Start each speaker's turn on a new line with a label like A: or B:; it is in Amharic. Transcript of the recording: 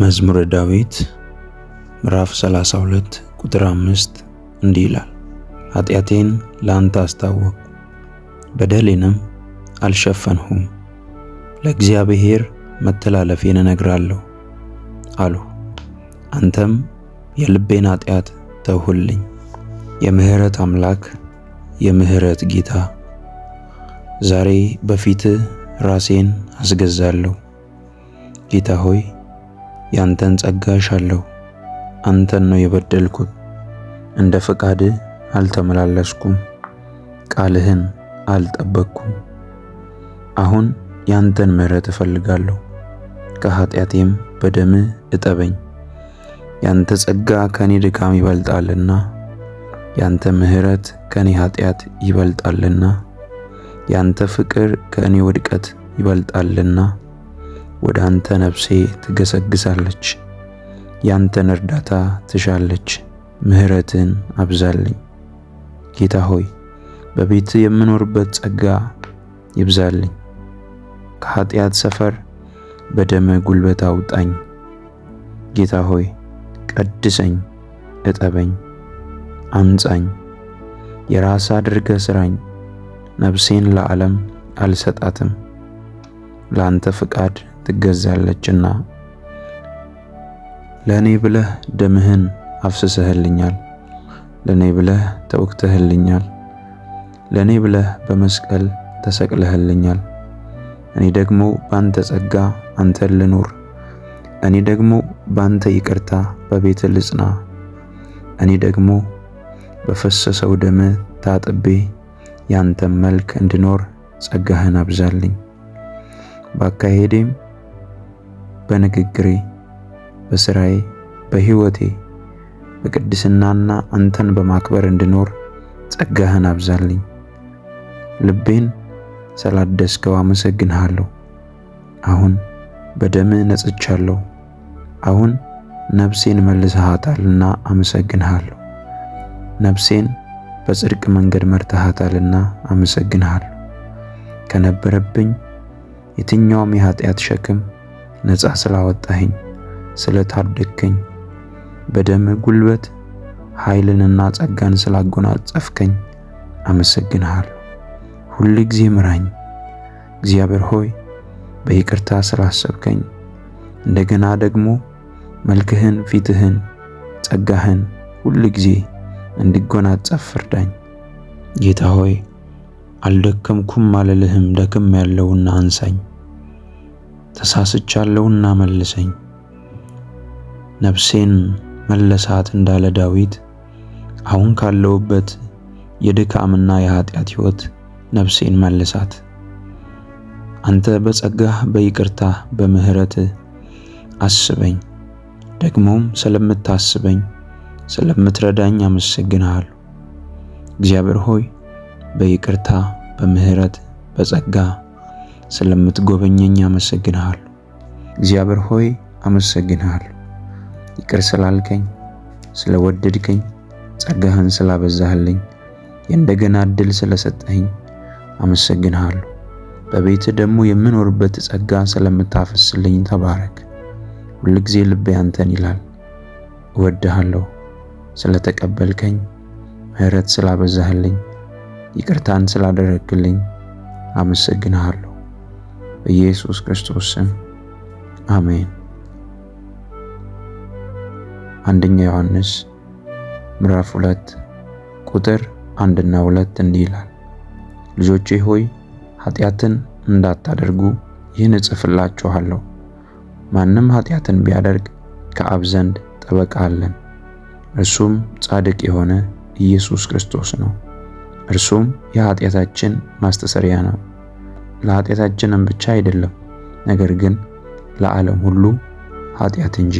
A: መዝሙረ ዳዊት ምዕራፍ 32 ቁጥር 5 እንዲህ ይላል፣ ኃጢአቴን ለአንተ አስታወቅ በደሌንም አልሸፈንሁም። ለእግዚአብሔር መተላለፌን እነግራለሁ አልሁ፣ አንተም የልቤን ኃጢአት ተውሁልኝ። የምህረት አምላክ የምህረት ጌታ ዛሬ በፊትህ ራሴን አስገዛለሁ። ጌታ ሆይ ያንተን ጸጋ እሻለሁ። አንተን ነው የበደልኩት፣ እንደ ፈቃድህ አልተመላለስኩም፣ ቃልህን አልጠበቅኩም። አሁን ያንተን ምሕረት እፈልጋለሁ፣ ከኃጢአቴም በደምህ እጠበኝ። ያንተ ጸጋ ከኔ ድካም ይበልጣልና፣ ያንተ ምሕረት ከኔ ኃጢአት ይበልጣልና፣ ያንተ ፍቅር ከእኔ ውድቀት ይበልጣልና ወደ አንተ ነፍሴ ትገሰግሳለች፣ ያንተን እርዳታ ትሻለች። ምሕረትን አብዛልኝ ጌታ ሆይ፣ በቤት የምኖርበት ጸጋ ይብዛልኝ። ከኃጢአት ሰፈር በደም ጉልበት አውጣኝ። ጌታ ሆይ፣ ቀድሰኝ፣ እጠበኝ፣ አንጻኝ፣ የራስ አድርገ ስራኝ። ነፍሴን ለዓለም አልሰጣትም፣ ለአንተ ፍቃድ ትገዛለችና ለእኔ ብለህ ደምህን አፍስሰህልኛል፣ ለእኔ ብለህ ተውክተህልኛል፣ ለእኔ ብለህ በመስቀል ተሰቅለህልኛል። እኔ ደግሞ ባንተ ጸጋ አንተን ልኑር፣ እኔ ደግሞ ባንተ ይቅርታ በቤት ልጽና፣ እኔ ደግሞ በፈሰሰው ደም ታጥቤ ያንተን መልክ እንድኖር ጸጋህን አብዛልኝ። ባካሄዴም በንግግሬ፣ በስራዬ በህይወቴ በቅድስናና አንተን በማክበር እንድኖር ጸጋህን አብዛልኝ። ልቤን ስላደስከው አመሰግንሃለሁ። አሁን በደምህ ነጽቻለሁ። አሁን ነፍሴን መልሰሃታልና አመሰግንሃለሁ። ነፍሴን በጽድቅ መንገድ መርተሃታልና አመሰግንሃለሁ። ከነበረብኝ የትኛውም የኃጢአት ሸክም ነፃ ስላወጣኸኝ ስለታደግከኝ በደም ጉልበት ኃይልንና ጸጋን ስላጎናጸፍከኝ አመሰግንሃለሁ። ሁል ጊዜ ምራኝ እግዚአብሔር ሆይ በይቅርታ ስላሰብከኝ እንደገና ደግሞ መልክህን፣ ፊትህን፣ ጸጋህን ሁል ጊዜ እንድጎናጸፍ ፍርዳኝ። ጌታ ሆይ አልደከምኩም አልልህም፣ ደክም ያለውና አንሳኝ። ተሳስቻለሁና መልሰኝ፣ ነፍሴን መለሳት እንዳለ ዳዊት አሁን ካለውበት የድካምና የኃጢአት ሕይወት ነፍሴን መልሳት። አንተ በጸጋህ በይቅርታ በምሕረት አስበኝ፣ ደግሞም ስለምታስበኝ ስለምትረዳኝ አመሰግንሃለሁ። እግዚአብሔር ሆይ በይቅርታ በምሕረት በጸጋ ስለምትጎበኘኝ አመሰግንሃለሁ። እግዚአብሔር ሆይ አመሰግንሃለሁ። ይቅር ስላልከኝ፣ ስለወደድከኝ፣ ጸጋህን ስላበዛህልኝ፣ የእንደገና እድል ስለሰጠኝ አመሰግንሃለሁ። በቤት ደግሞ የምኖርበት ጸጋ ስለምታፈስልኝ ተባረክ። ሁልጊዜ ልቤ አንተን ይላል። እወድሃለሁ። ስለተቀበልከኝ፣ ምሕረት ስላበዛህልኝ፣ ይቅርታን ስላደረግልኝ አመሰግንሃለሁ። በኢየሱስ ክርስቶስ ስም አሜን። አንደኛ ዮሐንስ ምዕራፍ ሁለት ቁጥር አንድና ሁለት እንዲህ ይላል፣ ልጆቼ ሆይ ኃጢአትን እንዳታደርጉ ይህን እጽፍላችኋለሁ። ማንም ኃጢአትን ቢያደርግ ከአብ ዘንድ ጠበቃ አለን፣ እርሱም ጻድቅ የሆነ ኢየሱስ ክርስቶስ ነው። እርሱም የኃጢአታችን ማስተሰሪያ ነው። ለኃጢአታችንም ብቻ አይደለም ነገር ግን ለዓለም ሁሉ ኃጢአት እንጂ